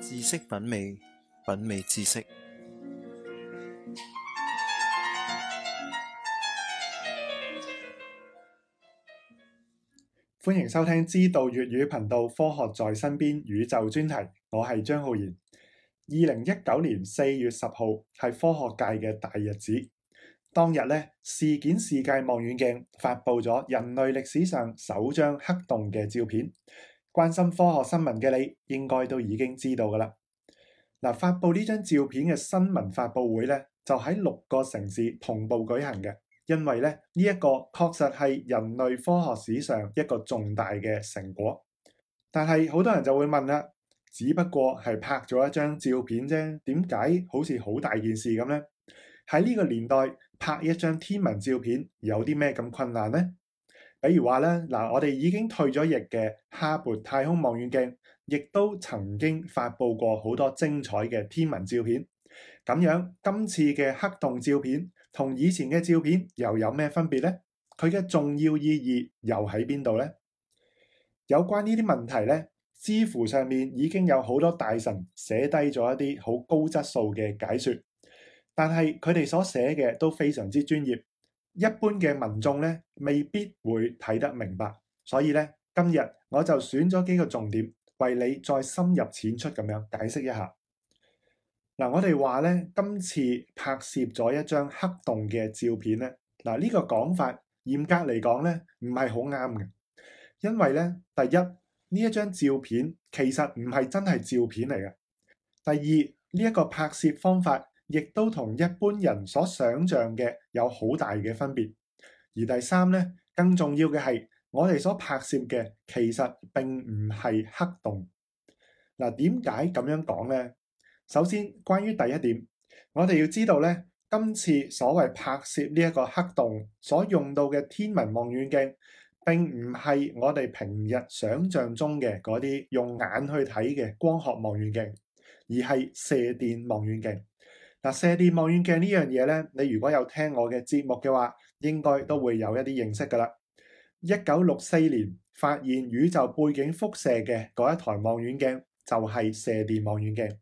知識品味，品味知識。歡迎收聽知道粵語頻道《科學在身邊》宇宙專題。我係張浩然。二零一九年四月十號係科學界嘅大日子。當日呢，事件視界望遠鏡發佈咗人類歷史上首張黑洞嘅照片。關心科學新聞嘅你，應該都已經知道噶啦。嗱、呃，發布呢張照片嘅新聞發布會呢，就喺六個城市同步舉行嘅。因為咧呢一、這個確實係人類科學史上一個重大嘅成果。但係好多人就會問啦，只不過係拍咗一張照片啫，點解好似好大件事咁呢？喺呢個年代拍一張天文照片有啲咩咁困難呢？比如話咧，嗱，我哋已經退咗役嘅哈勃太空望遠鏡，亦都曾經發布過好多精彩嘅天文照片。咁樣今次嘅黑洞照片同以前嘅照片又有咩分別呢？佢嘅重要意義又喺邊度呢？有關呢啲問題呢，知乎上面已經有好多大神寫低咗一啲好高質素嘅解說，但係佢哋所寫嘅都非常之專業。一般嘅民眾咧，未必會睇得明白，所以咧，今日我就選咗幾個重點為你再深入淺出咁樣解釋一下。嗱、嗯，我哋話咧，今次拍攝咗一張黑洞嘅照片咧，嗱、呢、呢個講法嚴格嚟講咧，唔係好啱嘅，因為咧，第一呢，一張照片其實唔係真係照片嚟嘅，第二呢一、呢個拍攝方法。亦都同一般人所想象嘅有好大嘅分別。而第三呢，更重要嘅係我哋所拍攝嘅其實並唔係黑洞嗱。點解咁樣講呢？首先，關於第一點，我哋要知道呢，今次所謂拍攝呢一個黑洞所用到嘅天文望遠鏡，並唔係我哋平日想象中嘅嗰啲用眼去睇嘅光學望遠鏡，而係射電望遠鏡。嗱，射電望遠鏡呢樣嘢咧，你如果有聽我嘅節目嘅話，應該都會有一啲認識噶啦。一九六四年發現宇宙背景輻射嘅嗰一台望遠鏡就係射電望遠鏡。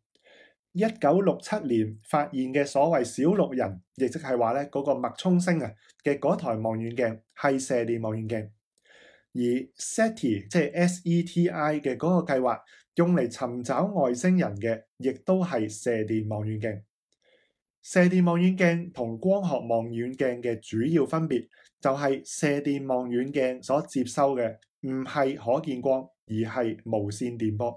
一九六七年發現嘅所謂小綠人，亦即係話咧嗰個脈衝星啊嘅嗰台望遠鏡係射電望遠鏡。而 SETI 即係 SETI 嘅嗰個計劃用嚟尋找外星人嘅，亦都係射電望遠鏡。射電望遠鏡同光學望遠鏡嘅主要分別就係射電望遠鏡所接收嘅唔係可見光，而係無線電波。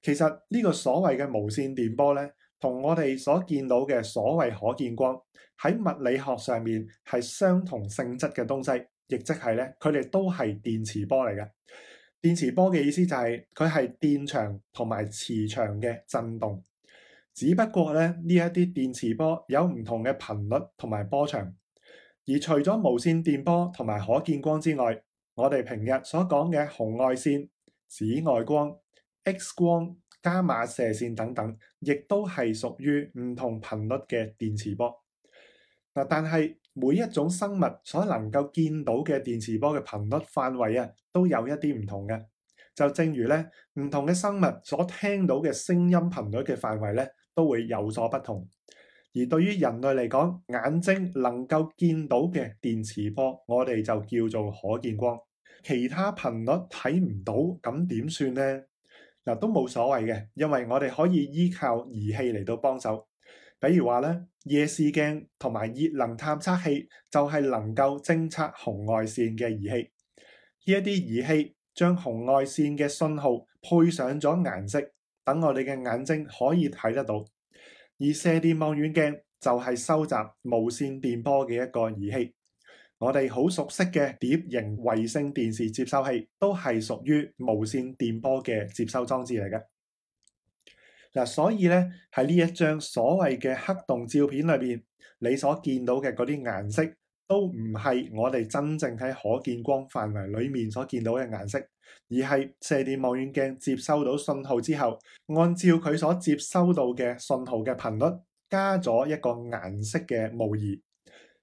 其實呢個所謂嘅無線電波咧，同我哋所見到嘅所謂可見光喺物理學上面係相同性質嘅東西，亦即係咧，佢哋都係電磁波嚟嘅。電磁波嘅意思就係佢係電場同埋磁場嘅震動。只不過咧，呢一啲電磁波有唔同嘅頻率同埋波長，而除咗無線電波同埋可見光之外，我哋平日所講嘅紅外線、紫外光、X 光、伽馬射線等等，亦都係屬於唔同頻率嘅電磁波。嗱，但係每一種生物所能夠見到嘅電磁波嘅頻率範圍啊，都有一啲唔同嘅。就正如咧，唔同嘅生物所聽到嘅聲音頻率嘅範圍咧，都會有所不同。而對於人類嚟講，眼睛能夠見到嘅電磁波，我哋就叫做可見光。其他頻率睇唔到，咁點算呢？嗱，都冇所謂嘅，因為我哋可以依靠儀器嚟到幫手。比如話呢，夜視鏡同埋熱能探測器就係能夠偵測紅外線嘅儀器。呢一啲儀器將紅外線嘅信號配上咗顏色。等我哋嘅眼睛可以睇得到，而射電望遠鏡就係收集無綫電波嘅一個儀器。我哋好熟悉嘅碟形衛星電視接收器都係屬於無綫電波嘅接收裝置嚟嘅。嗱，所以呢，喺呢一張所謂嘅黑洞照片裏邊，你所見到嘅嗰啲顏色，都唔係我哋真正喺可見光範圍裏面所見到嘅顏色，而係射電望遠鏡接收到信號之後，按照佢所接收到嘅信號嘅頻率，加咗一個顏色嘅模擬。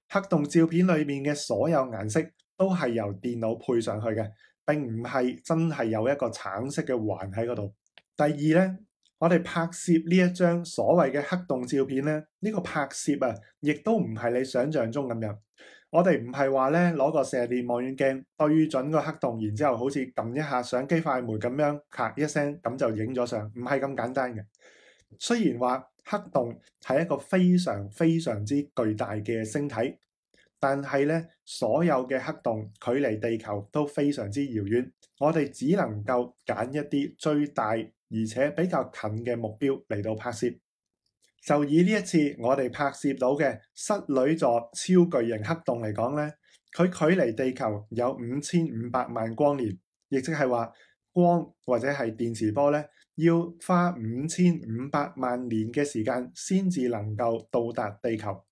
黑洞照片裏面嘅所有顏色都係由電腦配上去嘅，並唔係真係有一個橙色嘅環喺嗰度。第二呢。我哋拍攝呢一張所謂嘅黑洞照片咧，呢個拍攝啊，亦都唔係你想象中咁樣。我哋唔係話咧攞個射電望遠鏡對準個黑洞，然之後好似撳一下相機快門咁樣，咔一聲咁就影咗相，唔係咁簡單嘅。雖然話黑洞係一個非常非常之巨大嘅星體，但係咧所有嘅黑洞距離地球都非常之遙遠，我哋只能夠揀一啲最大，而且比較近嘅目標嚟到拍攝，就以呢一次我哋拍攝到嘅室女座超巨型黑洞嚟講呢，佢距離地球有五千五百萬光年，亦即係話光或者係電磁波呢，要花五千五百萬年嘅時間先至能夠到達地球。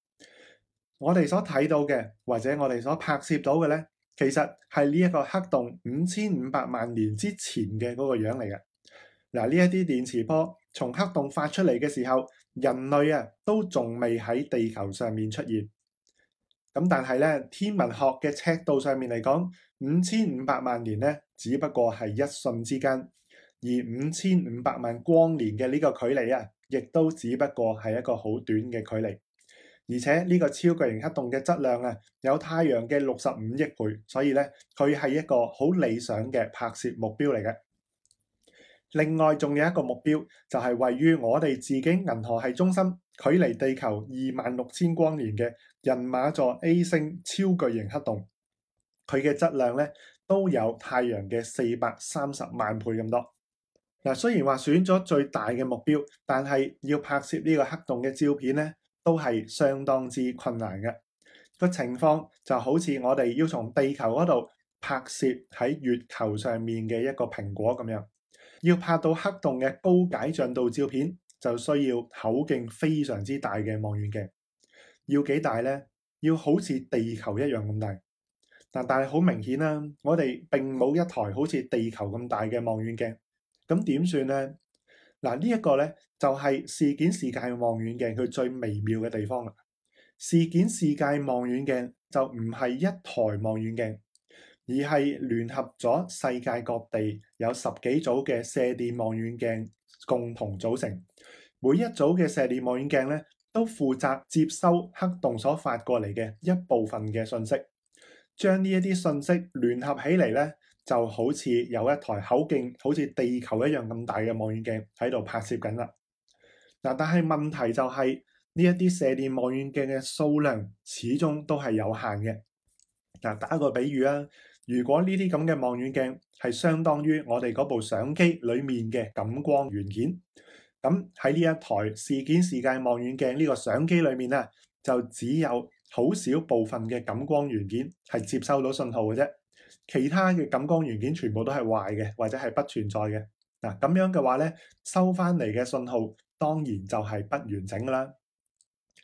我哋所睇到嘅或者我哋所拍攝到嘅呢，其實係呢一個黑洞五千五百萬年之前嘅嗰個樣嚟嘅。嗱，呢一啲電磁波從黑洞發出嚟嘅時候，人類啊都仲未喺地球上面出現。咁但係咧，天文學嘅尺度上面嚟講，五千五百萬年咧，只不過係一瞬之間；而五千五百萬光年嘅呢個距離啊，亦都只不過係一個好短嘅距離。而且呢個超巨型黑洞嘅質量啊，有太陽嘅六十五億倍，所以咧，佢係一個好理想嘅拍攝目標嚟嘅。另外仲有一個目標，就係、是、位於我哋自己銀河系中心，距離地球二萬六千光年嘅人馬座 A 星超巨型黑洞，佢嘅質量咧都有太陽嘅四百三十萬倍咁多。嗱，雖然話選咗最大嘅目標，但係要拍攝呢個黑洞嘅照片咧，都係相當之困難嘅。個情況就好似我哋要從地球嗰度拍攝喺月球上面嘅一個蘋果咁樣。要拍到黑洞嘅高解像度照片，就需要口徑非常之大嘅望遠鏡。要幾大呢？要好似地球一樣咁大。嗱，但係好明顯啦，我哋並冇一台好似地球咁大嘅望遠鏡。咁點算呢？嗱，呢一個呢，就係事件視界望遠鏡佢最微妙嘅地方啦。事件視界望遠鏡就唔係一台望遠鏡。而係聯合咗世界各地有十幾組嘅射電望遠鏡共同組成，每一組嘅射電望遠鏡咧都負責接收黑洞所發過嚟嘅一部分嘅信息，將呢一啲信息聯合起嚟咧就好似有一台口徑好似地球一樣咁大嘅望遠鏡喺度拍攝緊啦。嗱，但係問題就係呢一啲射電望遠鏡嘅數量始終都係有限嘅。嗱，打個比喻啦、啊。如果呢啲咁嘅望遠鏡係相當於我哋嗰部相機裏面嘅感光元件，咁喺呢一台事件視界望遠鏡呢個相機裏面啊，就只有好少部分嘅感光元件係接收到信號嘅啫，其他嘅感光元件全部都係壞嘅或者係不存在嘅。嗱，咁樣嘅話咧，收翻嚟嘅信號當然就係不完整啦。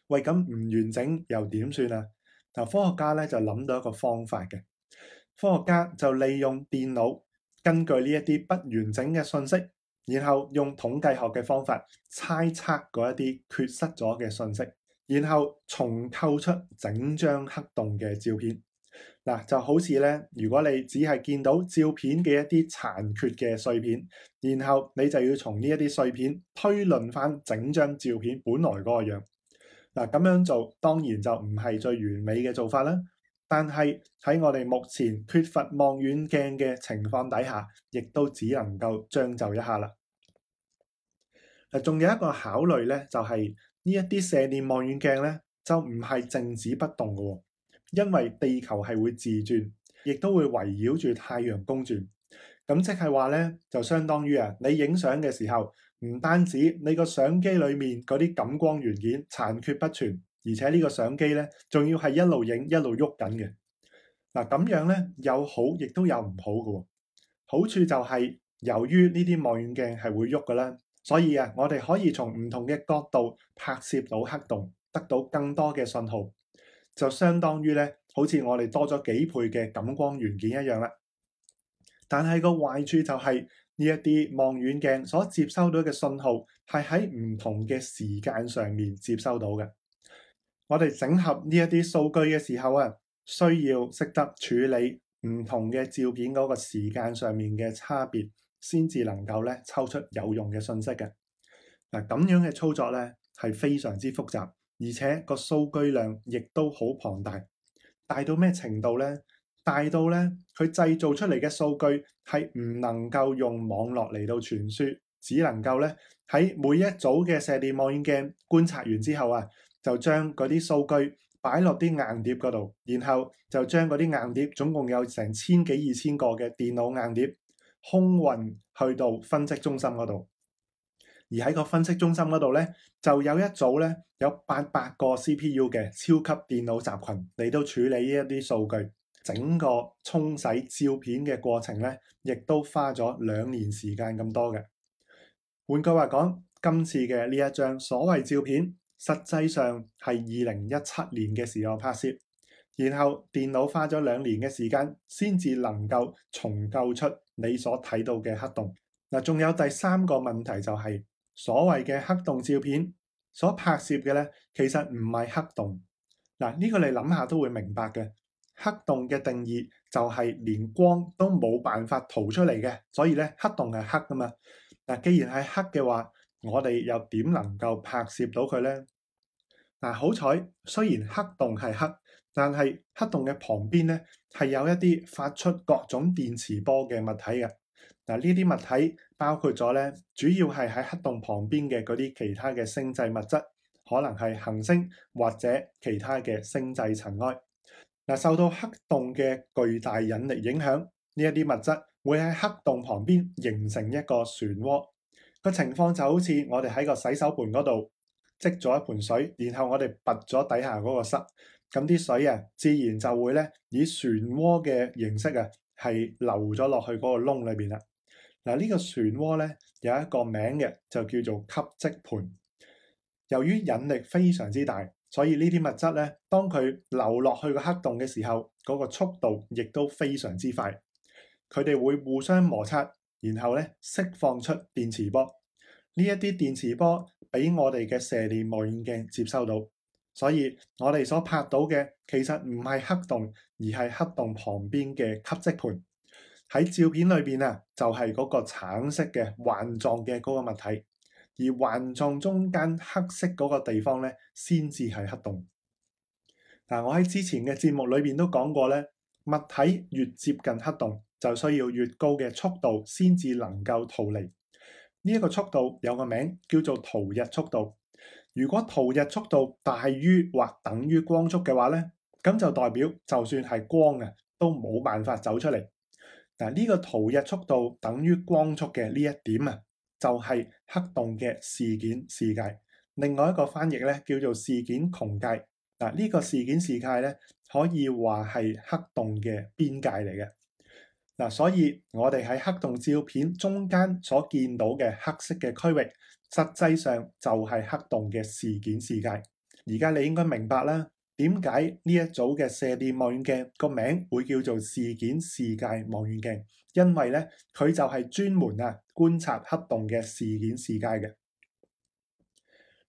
喂，咁唔完整又點算啊？嗱，科學家咧就諗到一個方法嘅。科學家就利用電腦，根據呢一啲不完整嘅信息，然後用統計學嘅方法猜測嗰一啲缺失咗嘅信息，然後重構出整張黑洞嘅照片。嗱，就好似咧，如果你只係見到照片嘅一啲殘缺嘅碎片，然後你就要從呢一啲碎片推論翻整張照片本來嗰個樣。嗱，咁樣做當然就唔係最完美嘅做法啦。但係喺我哋目前缺乏望遠鏡嘅情況底下，亦都只能夠將就一下啦。仲有一個考慮呢，就係呢一啲射電望遠鏡呢，就唔係靜止不動嘅，因為地球係會自轉，亦都會圍繞住太陽公轉。咁即係話呢，就相當於啊，你影相嘅時候，唔單止你個相機裏面嗰啲感光元件殘缺不全。而且呢個相機咧，仲要係一路影一路喐緊嘅嗱。咁樣咧有好，亦都有唔好嘅。好處就係由於呢啲望遠鏡係會喐嘅啦，所以啊，我哋可以從唔同嘅角度拍攝到黑洞，得到更多嘅信號，就相當於咧好似我哋多咗幾倍嘅感光元件一樣啦。但係個壞處就係呢一啲望遠鏡所接收到嘅信號係喺唔同嘅時間上面接收到嘅。我哋整合呢一啲數據嘅時候啊，需要識得處理唔同嘅照片嗰個時間上面嘅差別，先至能夠咧抽出有用嘅信息嘅嗱。啊，咁樣嘅操作咧係非常之複雜，而且個數據量亦都好龐大，大到咩程度咧？大到咧佢製造出嚟嘅數據係唔能夠用網絡嚟到傳輸，只能夠咧喺每一組嘅射電望遠鏡觀察完之後啊。就將嗰啲數據擺落啲硬碟嗰度，然後就將嗰啲硬碟總共有成千幾二千個嘅電腦硬碟空運去到分析中心嗰度。而喺個分析中心嗰度咧，就有一組咧有八百個 CPU 嘅超級電腦集群嚟到處理呢一啲數據。整個沖洗照片嘅過程咧，亦都花咗兩年時間咁多嘅。換句話講，今次嘅呢一張所謂照片。實際上係二零一七年嘅時候拍攝，然後電腦花咗兩年嘅時間，先至能夠重構出你所睇到嘅黑洞。嗱、啊，仲有第三個問題就係、是、所謂嘅黑洞照片所拍攝嘅咧，其實唔係黑洞。嗱、啊、呢、這個你諗下都會明白嘅。黑洞嘅定義就係連光都冇辦法逃出嚟嘅，所以咧，黑洞係黑噶嘛。嗱、啊，既然係黑嘅話，我哋又點能夠拍攝到佢呢？嗱、啊，好彩，雖然黑洞係黑，但係黑洞嘅旁邊呢，係有一啲發出各種電磁波嘅物體嘅。嗱、啊，呢啲物體包括咗呢，主要係喺黑洞旁邊嘅嗰啲其他嘅星際物質，可能係行星或者其他嘅星際塵埃。嗱、啊，受到黑洞嘅巨大引力影響，呢一啲物質會喺黑洞旁邊形成一個漩渦。個情況就好似我哋喺個洗手盆嗰度積咗一盆水，然後我哋拔咗底下嗰個塞，咁啲水啊自然就會咧以漩渦嘅形式啊係流咗落去嗰個窿裏邊啦。嗱，呢個漩渦咧有一個名嘅，就叫做吸積盤。由於引力非常之大，所以呢啲物質咧當佢流落去個黑洞嘅時候，嗰個速度亦都非常之快。佢哋會互相摩擦，然後咧釋放出電磁波。呢一啲電磁波俾我哋嘅射電望遠鏡接收到，所以我哋所拍到嘅其實唔係黑洞，而係黑洞旁邊嘅吸積盤。喺照片裏邊啊，就係嗰個橙色嘅環狀嘅嗰個物體，而環狀中間黑色嗰個地方咧，先至係黑洞。嗱，我喺之前嘅節目裏邊都講過咧，物體越接近黑洞，就需要越高嘅速度先至能夠逃離。呢個速度有個名叫做逃逸速度。如果逃逸速度大於或等於光速嘅話咧，咁就代表就算係光啊，都冇辦法走出嚟。嗱，呢個逃逸速度等於光速嘅呢一點啊，就係黑洞嘅事件視界。另外一個翻譯咧，叫做事件穹界。嗱，呢個事件視界咧，可以話係黑洞嘅邊界嚟嘅。嗱，所以我哋喺黑洞照片中間所見到嘅黑色嘅區域，實際上就係黑洞嘅事件視界。而家你應該明白啦，點解呢一組嘅射電望遠鏡個名會叫做事件視界望遠鏡？因為呢，佢就係專門啊觀察黑洞嘅事件視界嘅。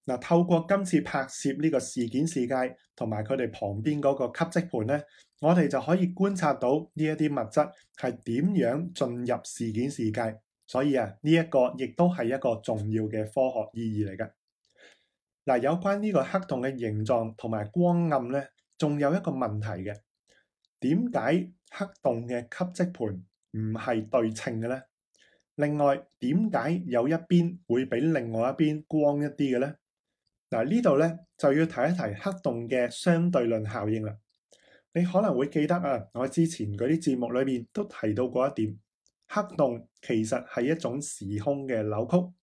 嗱，透過今次拍攝呢個事件視界同埋佢哋旁邊嗰個吸積盤呢。我哋就可以觀察到呢一啲物質係點樣進入事件視界，所以啊呢一個亦都係一個重要嘅科學意義嚟嘅。嗱，有關呢個黑洞嘅形狀同埋光暗呢，仲有一個問題嘅，點解黑洞嘅吸積盤唔係對稱嘅呢？另外，點解有一邊會比另外一邊光一啲嘅呢？嗱，呢度呢，就要提一提黑洞嘅相對論效應啦。你可能會記得啊，我之前嗰啲節目裏面都提到過一點，黑洞其實係一種時空嘅扭曲。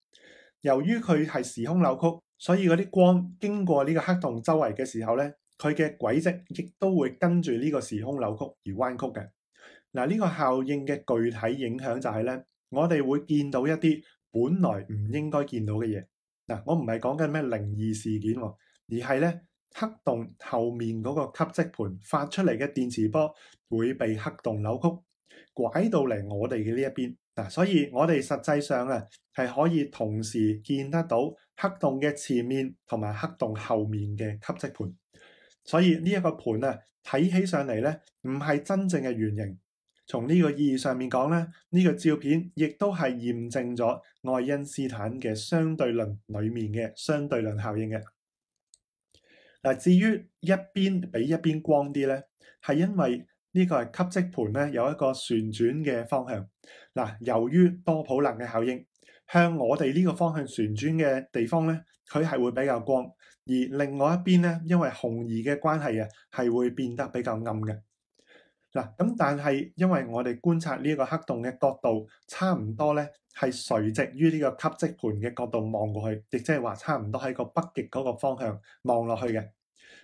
由於佢係時空扭曲，所以嗰啲光經過呢個黑洞周圍嘅時候咧，佢嘅軌跡亦都會跟住呢個時空扭曲而彎曲嘅。嗱，呢個效應嘅具體影響就係咧，我哋會見到一啲本來唔應該見到嘅嘢。嗱，我唔係講緊咩靈異事件喎，而係咧。黑洞後面嗰個吸積盤發出嚟嘅電磁波會被黑洞扭曲，拐到嚟我哋嘅呢一邊。嗱，所以我哋實際上啊，係可以同時見得到黑洞嘅前面同埋黑洞後面嘅吸積盤，所以呢一個盤啊，睇起上嚟咧，唔係真正嘅圓形。從呢個意義上面講咧，呢個照片亦都係驗證咗愛因斯坦嘅相對論裏面嘅相對論效應嘅。嗱，至於一邊比一邊光啲咧，係因為呢個係吸積盤咧有一個旋轉嘅方向。嗱，由於多普勒嘅效應，向我哋呢個方向旋轉嘅地方咧，佢係會比較光；而另外一邊咧，因為紅移嘅關係啊，係會變得比較暗嘅。嗱，咁但係因為我哋觀察呢一個黑洞嘅角度差唔多咧，係垂直於呢個吸積盤嘅角度望過去，亦即係話差唔多喺個北極嗰個方向望落去嘅，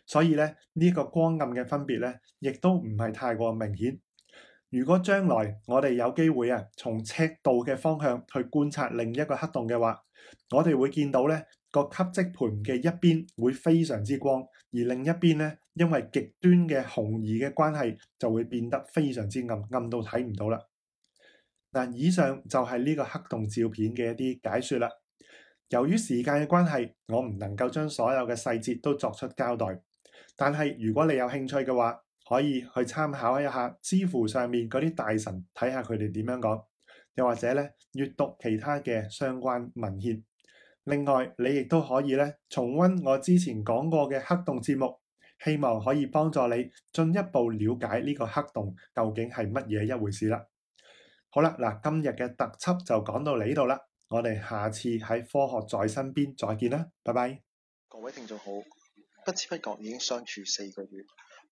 所以咧呢一個光暗嘅分別咧，亦都唔係太過明顯。如果將來我哋有機會啊，從赤道嘅方向去觀察另一個黑洞嘅話，我哋會見到咧個吸積盤嘅一邊會非常之光，而另一邊咧因為極端嘅紅移嘅關係，就會變得非常之暗，暗到睇唔到啦。嗱，以上就係呢個黑洞照片嘅一啲解說啦。由於時間嘅關係，我唔能夠將所有嘅細節都作出交代，但係如果你有興趣嘅話，可以去參考一下知乎上面嗰啲大神，睇下佢哋點樣講。又或者咧，閱讀其他嘅相關文獻。另外，你亦都可以咧，重温我之前講過嘅黑洞節目，希望可以幫助你進一步了解呢個黑洞究竟係乜嘢一回事啦。好啦，嗱，今日嘅特輯就講到呢度啦。我哋下次喺科學在身邊再見啦，拜拜。各位聽眾好，不知不覺已經相處四個月。